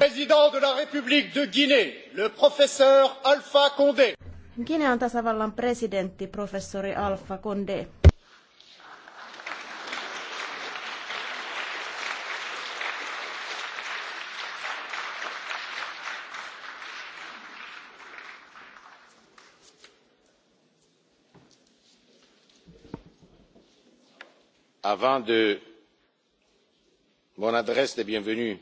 président de la République de Guinée, le professeur Alpha Condé. Guinean tasavallan presidentti professori Alpha Condé. avant de mon adresse de bienvenue